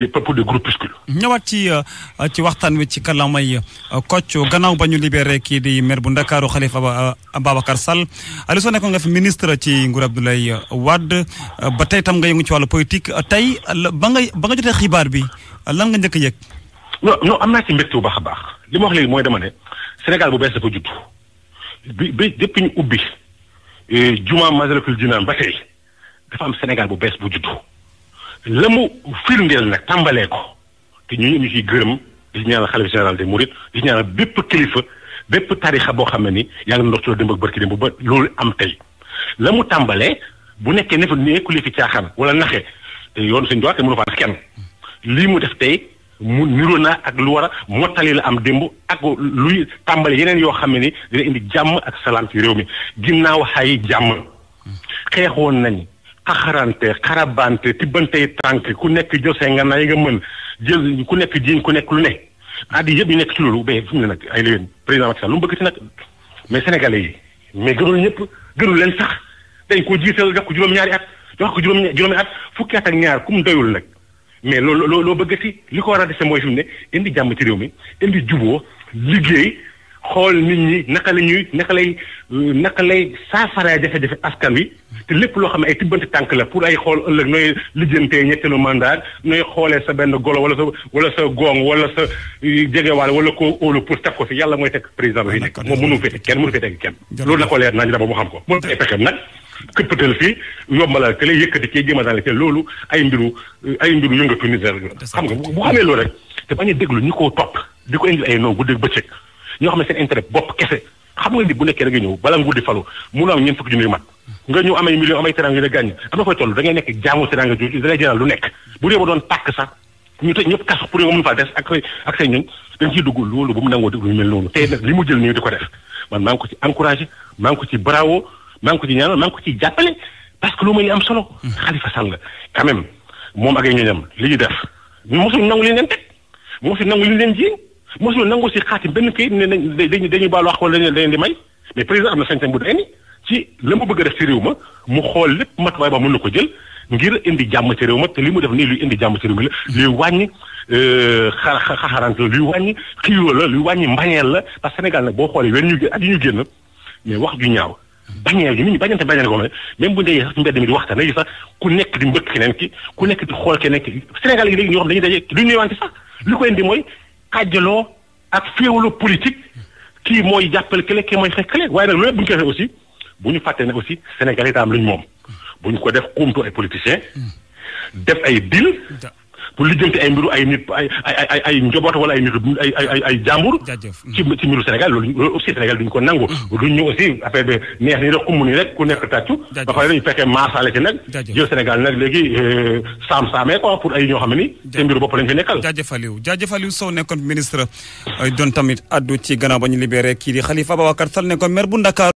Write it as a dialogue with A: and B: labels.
A: les peuples de ñëwaat ci euh, ci waxtaan wi ci kalamay euh, koc gannaaw ba ñu libéré kii di maire bu Ndakaaru xalifa euh, Ababacar Sall Aliou Sow nekkoon nga fi ministre ci nguur Abdoulaye Wade ba tey tam nga yëngu ci wàllu politique tey ba nga ba nga jotee xibaar bi lan nga njëkk a yëg. non am naa ci mbégte bu baax a baax li ma wax léegi mooy dama ne
B: Sénégal bu bees dafa judd bi bi depuis ñu ubbi jumaa Massalikul Jinaan ba tey dafa am Sénégal bu bees bu juddu. la mu firndeel na tàmbalee ko te ñu ñu ciy gërëm di ñaanal xalifa général des mourides di ñaanal bépp kilifa bépp tarixa boo xam ne ni yaa ngi ndox ci la démb ak barki démb ba loolu am tey la mu tàmbalee bu nekkee ne fa nekkul fi caaxaan wala naxe te yoon suñu doy te mënu faa kenn lii mu def tey mu niroo naa ak lu war a mottali la am démb ak luy tàmbali yeneen yoo xam ne ni dina indi jàmm ak salaam ci réew mi ginnaaw xayi jàmm xeexoon nañ xaxarante xarabante tibbantey tànk ku nekk jose nga naa yi nga mën jël ku nekk jiiñ ku nekk lu ne addi yëpp ñu nekk ci loolu ba fi mu ne nag ay léegi président Macky lu mu bëgg ci nag mais sénégalais yi mais gënul ñëpp gënul leen sax dañ ko jiital jox ko juróom-ñaari at jox ko juróom juróomi at fukki at ak ñaar kum doyul nag mais loo loo loo bëgg ci li ko war a dese mooy fi mu ne indi jàmm ci réew mi indi juboo liggéey xool nit ñi naka la ñuy naka lay naka lay saafaraay jafe-jafe askan wi te lépp loo xam ne ay tibbante tànk la pour ay xool ëllëg nooy lijjantee ñetteelu mandat nooy xoolee sa benn golo wala sa wala sa gong wala sa jegewaale wala koo óolu pour teg ko fi yàlla mooy teg président bi fi nekk moom mënu fi teg kenn mënu fi teg kenn loolu na ko leer nañu dama mu xam ko moom ay pexeem nag këppatal fii yombalal kële yëkkati cee jéem a daal loolu ay mbiru ay mbiru yëngatu nit xam nga bu xamee rek te bañ a déglu ñi ko topp di ko indil ay noonu guddeeg ñoo xam ne seen intérêt bopp kese xam nga ni bu nekkee da nga ñëw bala nguur di falu mun am ñeent fukki junni yu mat nga ñëw amay million amay teranga am na koy toll da ngay nga jël nii di ko def man maa ngi ko ci encouragé maa ko ci bravo maa ko ci ñaanal maa ko ci jàppale parce que lu may am solo Khalifa Sall quand moom ak ay li ñu def mosuñ nangu li leen teg mosuñ nangu li leen jiiñ mosul nangu si xaatim benn kayit ne dañuy dañuy baalu wax wala dañuy di may mais président am na sañ-sañ bu dee ci la mu bëgg a def ci réew ma mu xool lépp matuwaay ba mën na ko jël ngir indi jàmm ci réew ma te li mu def nii luy indi jàmm ci réew mi la luy wàññi euh, xa xaxarante la luy wàññi xiiroo la luy wàññi mbañeel la parce que Sénégal nag boo xoolee wenn ñu at yi ñu génn mais wax ñu ñaaw bañeel gi nit ñi bañante bañante ko ma même bu ndeyee sax ci mbedd mi di waxtaan léegi sax ku nekk di mbëkk keneen ki ku nekk di xool keneen ki Sénégal gi léegi ñoo xam dañuy daje lu ñuy wante ko indi mooy xàjjaloo ak féewaloo politique kii mooy jàppale kële kii mooy xeex kële waaye nag loolu bu ñu ko waxee aussi bu ñu fàttee ne aussi Sénégal yi daam lu ñu moom bu ñu ko def kumtu ay politiciens hmm. def ay deal pour lijjanti ay mbiru ay nit ay ay ay njoboot wala ay nit ay ay ay ci mbiru Sénégal loolu aussi Sénégal duñ ko mm-hmm. neex ni rek xumb ni rek ku nekk tàccu. ba pare dañu fekkee maasaale ci nag. jël Sénégal nag léegi euh, saam saamee quoi pour ay ñoo ne ni. seen mbiru
A: bopp lañ fi nekkal. jaajëf Aliou jaajëf Aliou Sow nekkoon ministre euh, doon tamit addu ci gannaaw ba ñu libéré kii di Khalifa Ababacar nekkoon maire bu Ndakaaru